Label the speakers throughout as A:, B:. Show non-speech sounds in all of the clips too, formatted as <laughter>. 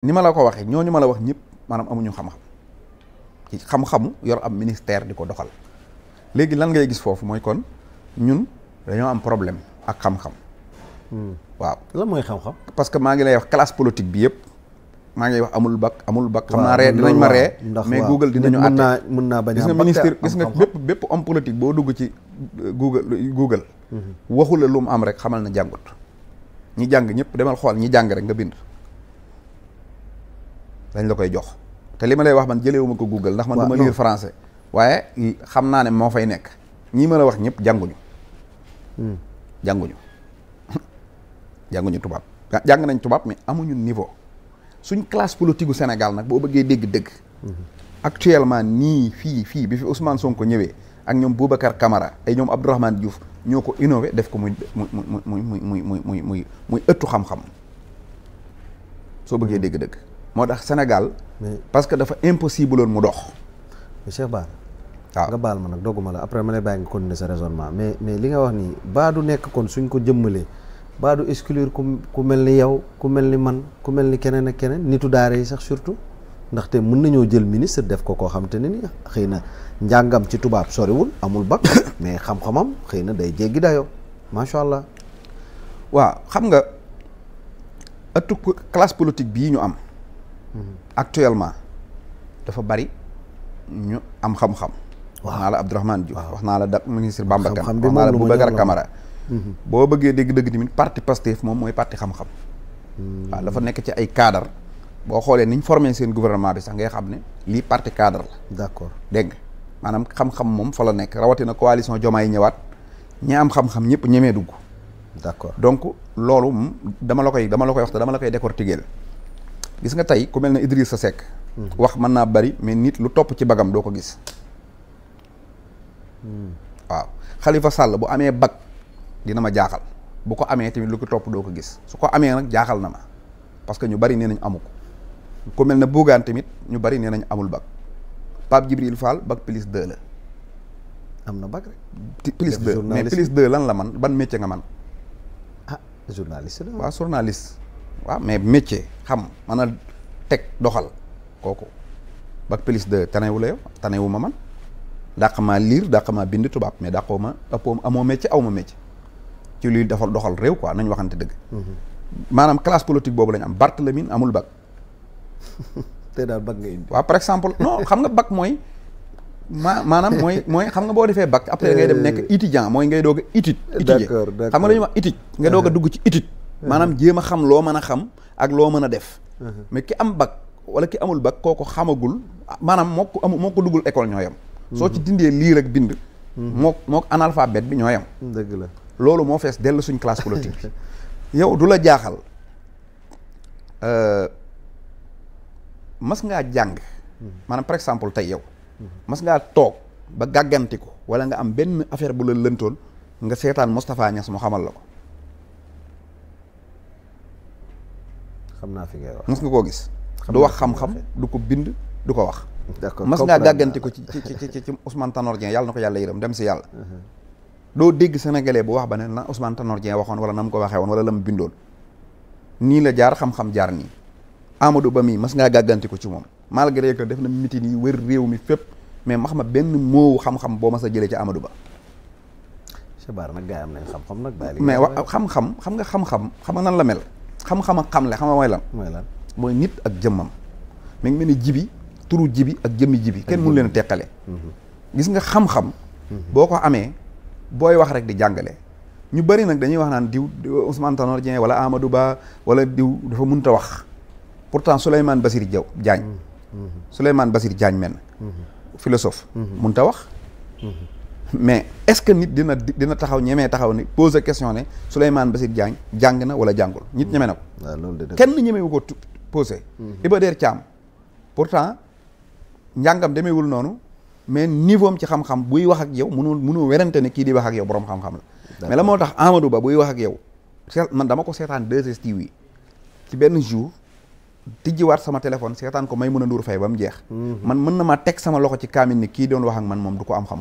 A: ni ma la ko waxee ñooñu ma la wax ñëpp maanaam amuñu xam-xam ci yor am ministère di ko doxal léegi lan ngay gis foofu mooy kon ñun dañoo am problème ak xam hmm. waaw lan mooy xam parce que maa ngi lay wax classe politique bi yëpp maa wax amul bac amul bac. xam dinañ ma ree mais Google dinañu. mën naa mën naa bañ a gis nga ministre gis nga bépp bépp homme politique boo dugg ci euh, Google Google. Hmm. waxu lu mu am rek xamal na jàngut. ñi jàng ñëpp demal xool ñi jàng rek nga bind. dañ la koy jox te li ma lay wax man jëleewuma ko Google ndax man du ma lire français waaye xam naa ne moo fay nekk ñii ma la wax ñëpp jànguñu jànguñu jànguñu tubaab jàng nañ tubaab mi amuñu niveau suñ classe politique gu Sénégal nag boo bëggee dégg-dégg actuellement nii fii fii bi fi Ousmane ko ñëwee ak ñoom Boubacar Camara ay ñoom Abdourahmane Diouf ñoo ko innové def ko muy muy muy muy muy muy muy muy ëttu xam-xam soo bëggee dégg-dëgg moo tax Sénégal. parce que dafa impossible woon mu dox. Cheikh Bara waaw ah. nga baal ma nag dogguma la après ma lay bàyyi nga continuer sa raisonnement mais mais li nga wax nii baa du nekk kon suñ ko
B: jëmmalee baa du exclure ku mel ni yow ku mel ni man ku mel ni keneen ak keneen nitu daara yi sax surtout ndaxte mën nañoo jël ministre def ko koo xam te ne nii xëy na
A: njàngam ci tubaab soriwul amul bac <coughs> mais xam-xamam xëy na day jéggi dayo macha allah. waa xam nga ëttu bii ñu am. actuellement dafa bari ñu am xam-xam. wax naa la Abdourahmane Diouf wax naa la da ministre Bamba Kane wax naa la Boubacar Camara mm-hmm. boo bëggee dégg-dëgg tamit parti Pastef moom mooy parti xam-xam. Mm. waaw dafa nekk ci ay cadre boo xoolee niñ formé seen gouvernement bi sax ngay xam ne lii parti cadre la. d'accord dégg maanaam xam-xam moom fa la nekk rawatina coalition Diomaye ñëwaat ñi am xam-xam ñëpp ñemee dugg. d'accord donc loolu dama la koy dama la koy wax dama la koy décortiquer gis nga tey ku mel ne Idrissa Seck mhm. wax mën naa bari mais nit lu topp ci bagam doo ko gis hmm. waaw Khalifa Sall bu amee bag dina ma jaaxal bu ko amee tamit lu ko topp doo ko gis su ko amee nag jaaxal na ma parce que ñu bari nee nañ amu ko ku mel ne Bougane tamit ñu bari nee nañ amul bag Pape Djibril Fall bag plus 2 la am na bag rek plus 2 mais lan la man ban métier nga man ah journaliste la waaw mais métier xam man a teg doxal kooku bac plus de tanewu la yow tanewu ma man dàq maa liir dàq maa bind tubaab mais dàqoo ma ëppoo amoo métier aw ma métier ci luy defal doxal réew quoi nañ waxante dëgg mm-hmm. maanaam classe politique boobu la ñu am Barthélémy amul bac amul <laughs> daal bac nga indi waaw par exemple no xam nga bac mooy ma maanaam mooy mooy xam nga boo defee bac après ngay dem euh, nekk étudiant mooy ngay doog a étude étudier xam nga la ñuy wax étude nga doog a uh-huh. dugg ci étude maanaam jéem a xam loo mën a xam ak loo mën a def uh-huh. mais ki am bac wala ki amul bac kooku xamagul maanaam moo ko amul moo ko duggul école ñoo yam soo ci uh-huh. dindee liir ak bind mook uh-huh. mook analphabète bi ñoo yam dëgg la loolu moo fees dell suñ classe politique bi yow du la jaaxal euh, mas ngaa jàng maanaam par exemple tey yow mas ngaa toog ba gàgganti ko wala nga am benn affaire bu la lëntoon nga seetaan Moustapha Niass mu xamal la ko xam naa fi ngay nga koo gis du wax xam-xam du ko bind du ko wax d'accord mas ngaa gàggante ko ci ci ci ci ci yàlla na ko yàlla yërëm dem si yàlla uh-huh. doo dégg sénégalais bu wax ba ne na Ousmane Tanor Dieng waxoon wala na mu ko waxee woon wala la mu bindoon nii la jaar xam-xam jaar nii amadu Ba mii mas ngaa gàggante ko ci moom malgré que def na mitin yi wër réew mi fépp mais max ma benn moowu xam-xam boo mas a jëlee ci amadu
B: Ba nag gars yi am nañ xam mais wa
A: xam-xam xam nga xam-xam xam nga nan la mel xam-xam ak xam nga mooy lan. mooy lan mooy nit ak jëmmam. mi ngi mel ni jibi turu jibi ak jëmmi jibi kenn mënu leen a teqale. Mhm. gis nga xam-xam. Mhm. boo ko amee booy wax rek di jàngale. ñu bari nag dañuy wax naan diw Ousmane Tanor Dieng wala Amadou Ba wala diw dafa mënta wax pourtant Souleymane Basir Diaw Diagne. Mhm. Souleymane Basir Diagne men philosophe. mënta wax. mais est-ce que nit dina dina taxaw ñemee taxaw ni pose question ne Souleymane Bassir Diagne jàng na wala jàngul nit ñeme na ko
B: ah, kenn
A: ñemewu ko posé mhm. Iba Der Thiam pourtant njàngam demeewul noonu mais niveau am ci xam-xam buy wax ak yow mënoo mënoo werante ne kii di wax ak yow borom xam-xam la mais la moo tax Amadou Ba buy wax ak yow man dama ko seetaan 2STV ci benn jour tijjiwaat sama téléphone seetaan ko may mën a nduur fay ba mu jeex mhm. man mën na maa teg sama loxo ci kaamil ni kii doon wax ak man moom du ko am xam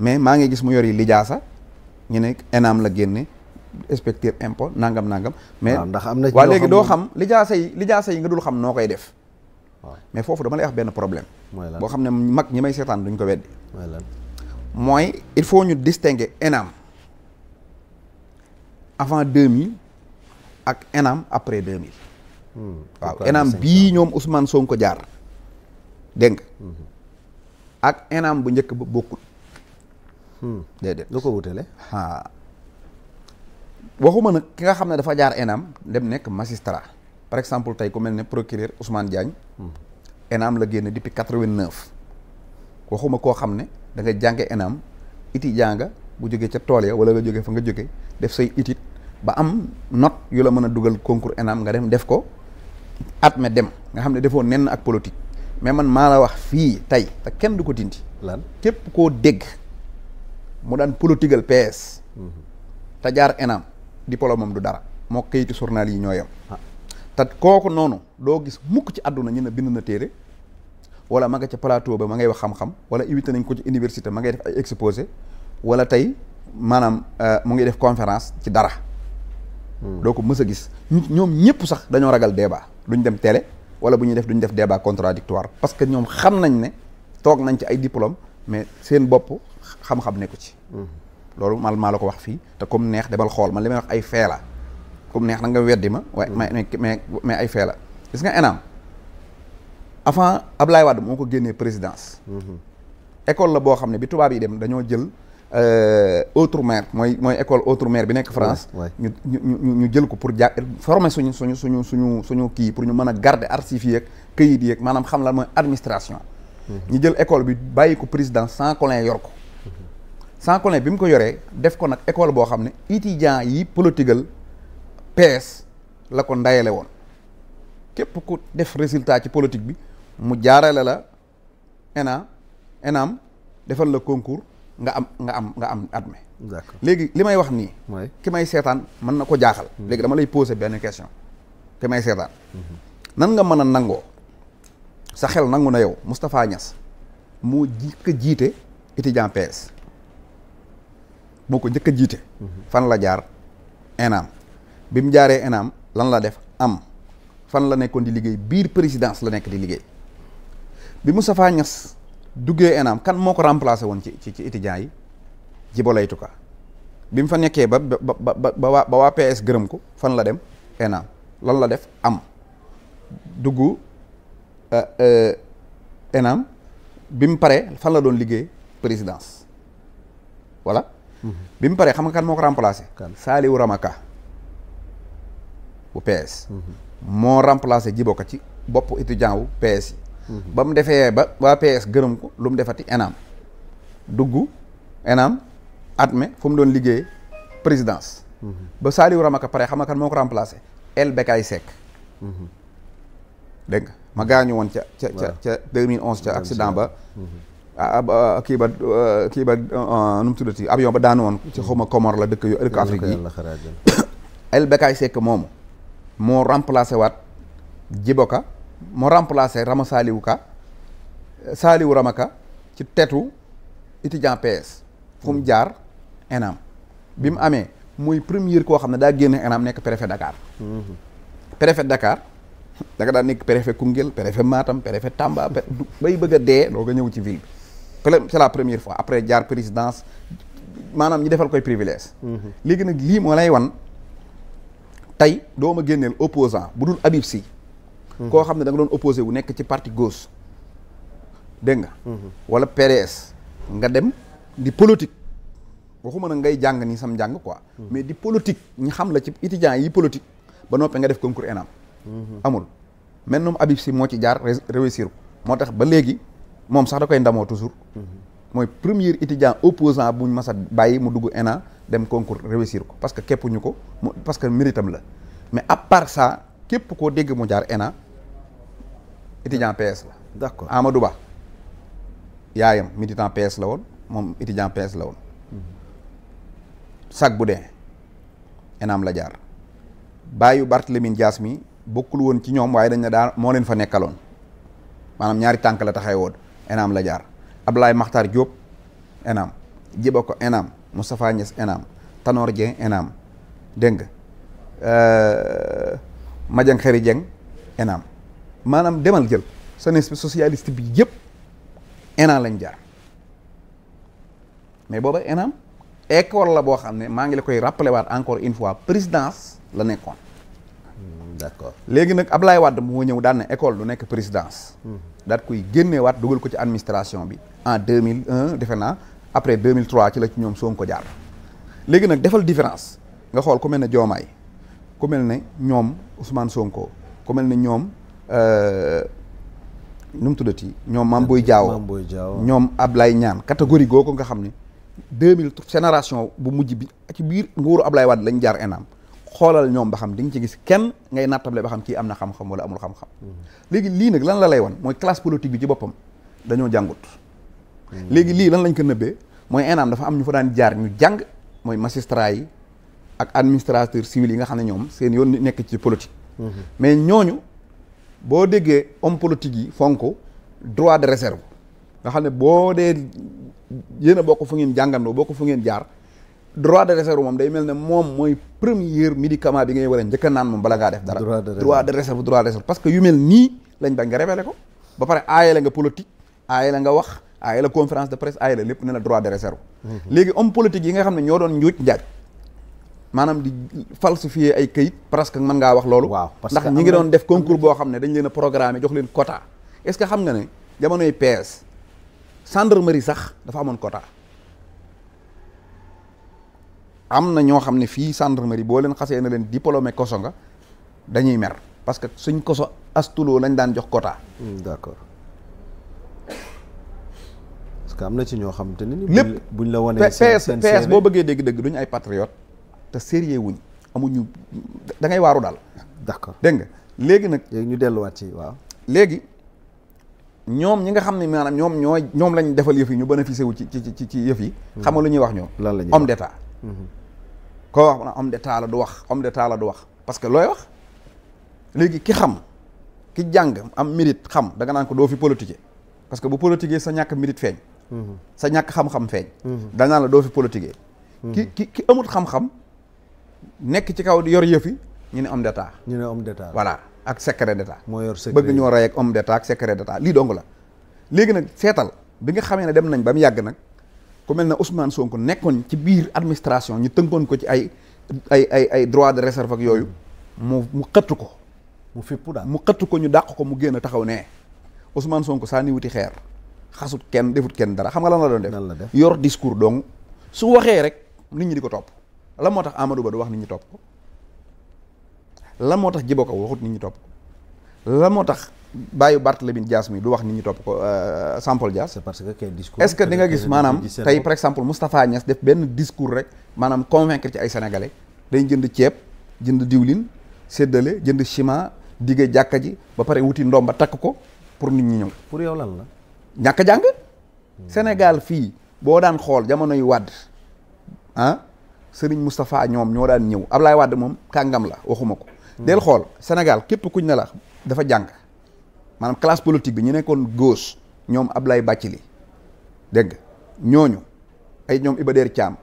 A: mais maa ngi gis mu yor yi lijaasa ñu ne enam la génne inspecteur impôt nangam nangam. mais ndax am na waa léegi doo xam lijaasa yi lijaasa yi nga dul xam noo koy def. mais foofu dama lay wax benn problème. boo xam ne mag ñi may seetaan duñ ko weddi. mooy il faut ñu distinguer enaam avant 2000 ak enam après 2000. Hmm, waaw enam bii ñoom Ousmane ko jaar dégg nga. Hmm. ak enam bu njëkk ba bokkul. Hmm. déedéet lu ko wutale ah waxuma nag ki nga xam ne dafa jaar ENAM dem nekk magistrat par exemple tey ku mel ne procureur Ousmane Diagne hmm. ENAM la génn depuis quatre-vingt-neuf waxuma koo xam ne da nga jànge ENAM iti jàng bu jógee ca tool ya wala nga jóge fa nga jóge def say itit ba am not yu la mën a dugal concours ENAM nga dem def ko at ma dem nga xam ne defoo nen ak politique mais man maa la wax fii tey te kenn du ko dindi lan képp koo dégg mu daan politigal PS. Mhm. te jaar ENAM diplôme am du dara moo kayitu journal yi ñoo yem. Ah. te kooku noonu doo gis mukk ci àdduna ñu ne bind na téere wala ma nga ca plateau ba ma ngay wax xam-xam wala invité nañ ko ci université ma ngay def ay exposé wala tey maanaam euh, mu ngi def conférence ci dara. Hmm. doo ko mës a gis ñoom ñëpp sax dañoo ragal débat duñ dem télé wala bu ñu def duñ def débat contradictoire parce que ñoom xam nañ ne toog nañ ci ay diplôme mais seen bopp. xam-xam nekku ci loolu mal maa la ko wax fii te comme neex demal xool man li may wax ay fee la comme neex na nga weddi ma waaye mm. mais mais mais ay fee la gis nga ENAM avant Ablaye Wade moo ko génnee présidence mm-hmm. école la boo xam ne bi tubaab yi dem dañoo jël Outremer euh, mooy mooy école Outremer bi nekk France ñu ñu ñu jël ko pour ja forme suñu suñu suñu suñu suñu kii pour ñu mën a garder archives yeeg këyit yeeg maanaam xam lan mooy administration mm-hmm. ñu jël école bi bàyyi ko président sans colin yor ko Sankolin bi mu ko yoree def ko nag école boo xam ne étudiants yi politigal PS la ko ndayale woon képp ku def résultat ci politique bi mu jaarale la ENA ENAM defal la concours nga am nga am nga am admis. d'accord léegi li may wax nii. ki may seetaan mën na ko jaaxal. Mm-hmm. léegi dama lay poser benn question ki may seetaan. Mm-hmm. nan nga mën a nangoo sa xel nangu na yow Moustapha Niass moo ji ko jiite étudiant PS. moo ko njëkk a jiite. fan la jaar ENAM bi mu jaaree ENAM lan la def am fan la nekkoon di liggéey biir présidence la nekk di liggéey bi Moustapha Niasse duggee ENAM kan moo ko remplacé woon ci ci ci étudiants yi Djibo Leyti Ka bi mu fa nekkee ba ba ba ba ba waa PS gërëm ko fan la dem ENAM lan la def am dugg euh, euh, ENAM bi mu paree fan la doon liggéey présidence voilà. bi mu paree xam nga kan moo ko remplacé. Saliou Ramaka bu PS. Mhm. moo remplacé Djibo Ka ci boppu étudiant wu PS yi. Mhm. ba mu defee ba waa PS gërëm ko lu mu defati ENAM dugg ENAM atme fu mu doon liggéeyee présidence. Mhm. ba Saliou Ramaka pare xam nga kan moo ko remplacé El Bekay Seck. dégg nga ma gaañu woon ca ca ca ca 2011 ca accident ba. Ah, ah, ah, kii ba kii ba nu mu tuddati avion ba daanu woon ci xawma Comore la dëkk yo dëkk Afrique yi <coughs> El Bekkay Seck moomu moo remplacé waat Djiboka moo remplacé Rama Saliou Ka Saliou Ramaka ci tetu étudiant PS fu jaar ENAM bi mu amee muy premier koo xam ne daa génn ENAM nekk préfet Dakar mhm. préfet Dakar da nga daan nekk préfet Koungheul préfet Matam préfet Tamba bay bëgg a dee loo nga ñëw ci ville bi c'est la première fois après jaar présidence maanaam ñu defal koy privilège mhm. léegi nag lii moo lay wan tey doo ma génneel opposant bu dul Habib si mhm. koo xam ne da doon opposé wu nekk ci parti gos dégg nga mhm. wala PDS nga dem di politique waxuma nag ngay jàng ni sam jàng ko mais di politique ñi xam la ci étudiants yi politique ba noppee nga def concours ENAM amul mel noom Habib Sy moo ci jaar réussir ko moo tax ba léegi moom sax da koy ndamoo toujours mhm. mooy premier étudiant opposant buñ mas bàyyi mu dugg ENA dem concours réussir ko parce que ñu ko mu parce que méritam la mais à part ça képp koo dégg mu jaar ENA étudiant PS la. d'accord Amadou Ba yaayam militant PS la woon moom étudiant PS la woon. sag bu dee enaam la jaar bàyyu Barthélémy Dias mi bokkul woon ci ñoom waaye dañ la daal moo leen fa nekkaloon maanaam ñaari tànk la taxay woon enaam la jaar Ablaye Makhtar Diop enam Djibo Ka enam Moustapha Niass enam Tanor Dieng enam dégg nga euh, Madiang Khary Dieng enam maanaam demal jël jeunesse socialiste bi yëpp enam lañ jaar mais booba enam école la boo xam ne maa ngi la koy rappelé waat encore une fois présidence la nekkoon
B: Mm, d'accord
A: léegi nag Ablaye Wade moo ñëw daan na école lu nekk présidence. Mm. daat koy génneewaat dugal ko ci administration bi en defe naa après 2003 ci la ci ñoom Sonko jaar. léegi nag defal différence nga xool ku mel ne joomaay ku mel ne ñoom Ousmane Sonko ku mel ne ñoom euh, nu mu tuddati ñoom Mame Boye Diao ñoom ab Ablaye ñaan catégorie googu nga xam ni ne 2000 génération bu mujj bi ci biir nguuru lay Wade lañ jaar ENAM. xoolal ñoom ba xam di nga ci gis kenn ngay nattable ba xam kii am na xam-xam wala amul xam-xam léegi lii nag lan la lay wan mooy classe politique bi ci boppam dañoo jàngut léegi lii lan lañ ko nëbbee mooy ENAM dafa am ñu fa daan jaar ñu jàng mooy magistrat yi ak administrateur civil yi nga xam ne ñoom seen yoon nekk ci politique mais ñooñu boo déggee homme politique yi fonk droit de réserve nga xam ne boo dee yéen a bokk fu ngeen jàngandoo bokk fu ngeen jaar droit de réserve moom day mel ne moom mooy premier médicament bi ngay war a njëkk naan moom bala ngaa def dara droit de réserve droit de réserve parce que yu mel nii lañ bañ nga révélé ko ba pare aayale nga politique aayale nga wax aayale conférence de presse aayale lépp ne la droit de réserve mhm. léegi homme politique yi nga xam ne ñoo doon njuuj njaaj maanaam di falsifier ay kayit presque mën ngaa wax loolu waaw ndax ñi ngi doon def concours boo xam ne dañ leen a programmé jox leen quota est-ce que xam nga ne jamonoy PS gendarmerie sax dafa amoon quota am na ñoo xam ne fii gendarmerie boo leen xasee na leen diplômé koso nga dañuy mer parce que suñ koso astuloo lañ daan jox quota. Hmm, d'accord parce que am na ci ñoo xam ni. lépp buñ la wanee seen PS boo bëggee dégg-dëgg duñu ay patriote te sérieux wuñ amuñu ñu dangay waaru daal. d'accord dégg nga léegi nag. léegi ñu delluwaat ci waaw. léegi ñoom ñi nga xam ne maanaam ñoom ñooy ñoom lañu defal yëf yi ñu bénéficié wu ci ci ci ci yëf yi. Hmm. xam nga ñuy wax ñoom. lan la ñuy wax homme koo wax na homme d'état la du wax homme d'état la du wax parce que looy wax léegi ki xam ki jàng am mérite xam da nga naan ko doo fi politique parce que bu politique sa ñàkk mérite feeñ mhm. sa ñàkk xam-xam feeñ mhm. da la doo fi politique mhm. ki ki ki amut xam-xam nekk ci kaw di yor yëfi ñu ne homme d'état ñu ne homme d'état voilà ak secret d'état moo yor secret bëgg ñoo rey ak homme d'état ak secret d'état lii dong la léegi nag seetal bi nga xamee ne dem nañ ba mu yàgg nag ku mel ne Ousmane Sonko nekkoon ci biir administration ñu tënkoon ko ci ay ay ay ay droit de réserve ak yooyu mu mu xëtt ko. mu fippu daal mu xëtt ko ñu dàq ko mu génn taxaw ne Ousmane sonk saa ni wuti xeer xasut kenn defut kenn dara xam nga lan la doon def. lan la def yor discours donc su waxee rek nit ñi di ko topp la moo tax Amadou Ba du wax nit ñi topp ko lan moo tax Djibo Ka waxut nit ñi topp moo tax. bàyyi Barthélémy Dias mi du wax nit ñi topp ko Sampol euh, Dias. c'est parce que quel discours. est que di nga gis maanaam tey par exemple Moustapha Niass def benn discours rek maanaam convaincre ci ay sénégalais dañ jënd ceeb jënd diwlin séddale jënd ciment dige jàkka ji ba pare wuti ba takk ko pour nit ñi ñëw. pour yow lan la. ñàkk jàng. Sénégal fii boo daan xool jamonoy wàdd ah Serigne Moustapha ñoom ñoo daan ñëw Ablaye wàdd moom kàngam la waxuma ko. Hmm. del xool Sénégal képp kuñ ne la dafa jàng. maanaam classe politique bi ñu nekkoon gauche ñoom Ablaye Bathily dëgg ñooñu ay ñoom Iba Der Thiam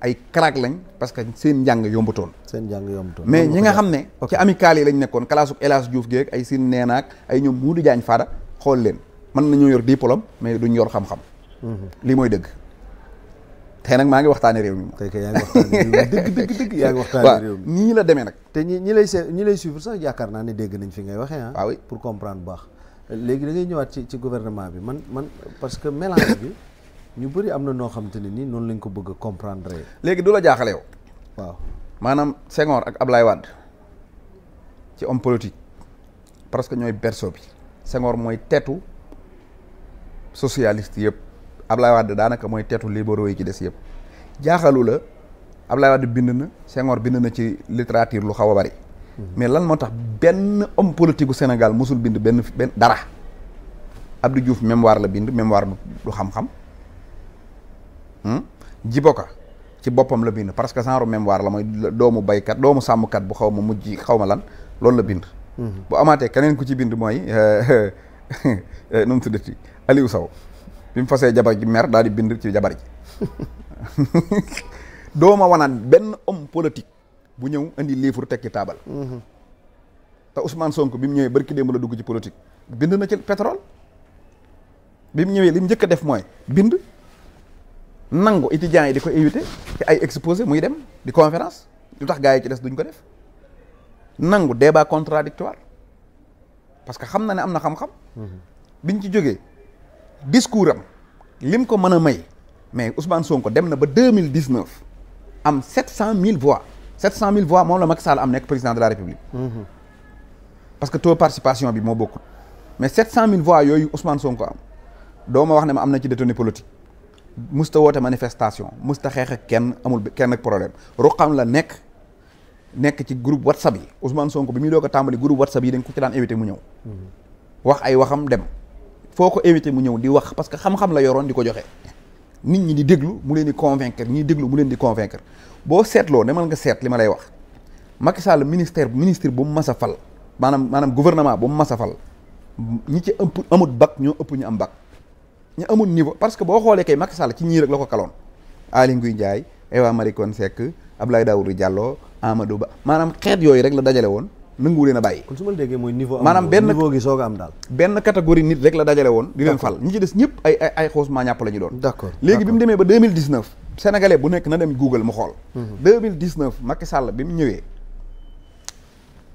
A: ay crack lañ parce que seen njàng yombutoon. seen njàng yombutoon mais ñi nga xam ne. ci amicale yi lañ nekkoon classe El Hadj Diouf geeg ay Sine Neenaak ay ñoom Moudou Diagne Fada xool leen mën nañoo yor diplôme mais duñ yor xam-xam. Mhm. lii mooy dëgg. tey nag maa ngi waxtaanee réew mi. tey kay yaa ngi waxtaanee dëgg dëgg dëgg la demee nag. te ñi ñi lay ñi sax yaakaar naa ne dégg nañ fi ngay waxee ah. waaw ah pour comprendre bu léegi da ñëwaat ci ci gouvernement bi man man parce que mélange bi ñu bëri am na noo xamante ne nii noonu lañ ko bëgg a comprendre. léegi du la jaaxale yow. waaw maanaam Senghor ak Ablaye Wade ci homme politique parce que ñooy berceau bi Senghor mooy tetu socialiste yëpp Ablaye Wade daanaka mooy teetu libéraux yi ci des yëpp jaaxalu la Ablaye Wade bind na Senghor bind na ci littérature lu xaw a bari. mais lan moo tax benn homme politique gu Sénégal mosul bind benn benn dara Abdou Diouf mémoire la bind mémoire du xam-xam hmm? Djiboka ci boppam la bind parce que genre mémoire la mooy doomu baykat doomu sàmmkat bu xaw ma mujj xaw ma lan loolu la bind hmm. bu amaatee keneen ku ci bind mooy <laughs> eh, nu mu tuddati Aliou Sow bi mu fasee jabar ji mer daal di bind ci jabar ji <laughs> <laughs> doo ma benn homme politique bu ñëw indi livre tekki taabal. te Ousmane Sonko bi mu ñëwee barki démb la dugg ci politique bind na ci pétrole bi mu ñëwee li mu njëkk a def mooy bind nangu étudiants yi di ko invité ci ay exposé muy dem di conférence lu tax gars yi ci des duñ ko def nangu débat contradictoire parce que xam na ne am na xam-xam. biñ ci jógee discours am lim ko mën a may mais Ousmane Sonko dem na ba deux mille dix neuf am sept cent mille voix. 700000 voix moom la Macky Sall am nekk président de la république. Mm-hmm. parce que taux participation bi moo bokkul. mais 700000 voix yooyu Ousmane Sonko am doo ma wax ne ma am na ci détenu politique. musta woote manifestation musta xeex ak kenn amul kenn problème problème xam la nekk nekk ci groupe whatsapp yi Ousmane Sonko bi muy doog ko tàmbali groupe whatsapp yi dañ ko ci daan invité mu ñëw. Mm-hmm. wax ay waxam dem. foo ko invité mu ñëw di wax parce que xam la yoroon di ko joxe. nit ñi di déglu mu leen di convaincre ñiy déglu mu leen di convaincre boo seetloo demal nga seet li ma lay wax Macky Sall ministère ministre bu mu mas fal maanaam maanaam gouvernement bu mu mas a fal ñi ci ëpp amut bag ñoo ëpp ñu am bag ñu amul niveau parce que boo xoolee kay Macky ci ñii rek la ko kaloon Aly Ngouille Ndiaye Awa Marie Coll lay Abdoulaye Daouda jàlloo Amadou Ba maanaam xeet yooyu rek la dajale woon nanguwu leen a bàyyi.
B: kon su ma mooy niveau. maanaam benn niveau
A: gi soog a am daal. benn catégorie nit rek la dajale woon. di leen fal ñi ci des ñëpp ay ay xoos maa ñàpp la ñu doon. d'accord léegi bi mu demee ba deux bu nekk na dem Google mu xool. Mhm. deux mille dix neuf Macky Sall bi mu ñëwee.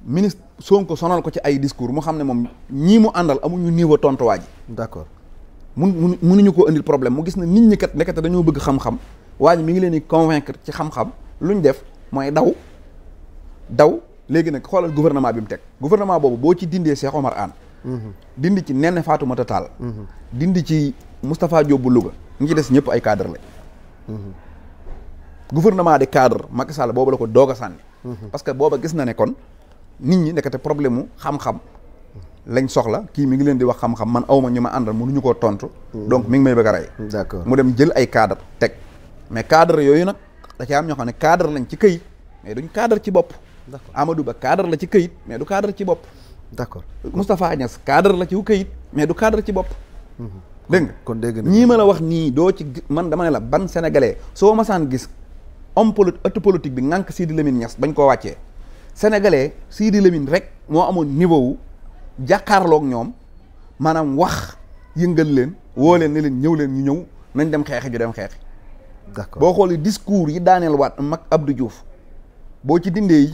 A: ministre Sonko sonal ko ci ay discours mu xam ne moom ñii mu àndal amuñu niveau tontuwaa ji. d'accord mun munuñu ko indi problème mu gis ne nit ñi kat nekkate dañoo bëgg xam-xam waa ji mi ngi leen di convaincre ci xam-xam lu ñu def mooy daw léegi nag xoolal gouvernement bi mu teg gouvernement boobu boo ci dindee Cheikh Omar Anne dindi ci Néné Fatoumata Tall dindi ci Moustapha Diop bu Louga ñi ci des ñëpp ay cadre la gouvernement de cadre Macky Sall boobu la ko doog a sànni parce que booba gis na ne kon nit ñi nekkate problème mu xam lañ soxla kii mu ngi leen di wax xam-xam man awma ñu ma àndal ñu koo tontu donc mi ngi may bëgg a rey d'accord mu dem jël ay cadre teg mais cadre yooyu nag da ci am ñoo xam ne cadre lañ ci këyit mais duñ cadre ci bopp amadu Ba cadre la ci kayit mais du cadre ci bopp d'accord Moustapha Niass cadre la ci wu këyit mais du cadre ci bopp
B: mhm. dégg kon dégg
A: na ñii ma la wax nii doo ci man dama ne la ban sénégalais soo masaan gis homme poli ëttu politique bi ngànk Sidi Lamine ñas bañ koo wàccee sénégalais Sidi Lamine rek moo amoon niveau wu jàkkaarloog ñoom maanaam wax yëngal leen woo leen ne leen ñëw leen ñu ñëw nañ dem xeexi ju dem xeexi d'accord boo xoolee discours yi daaneel waat mag Abdou Diouf boo ci dindee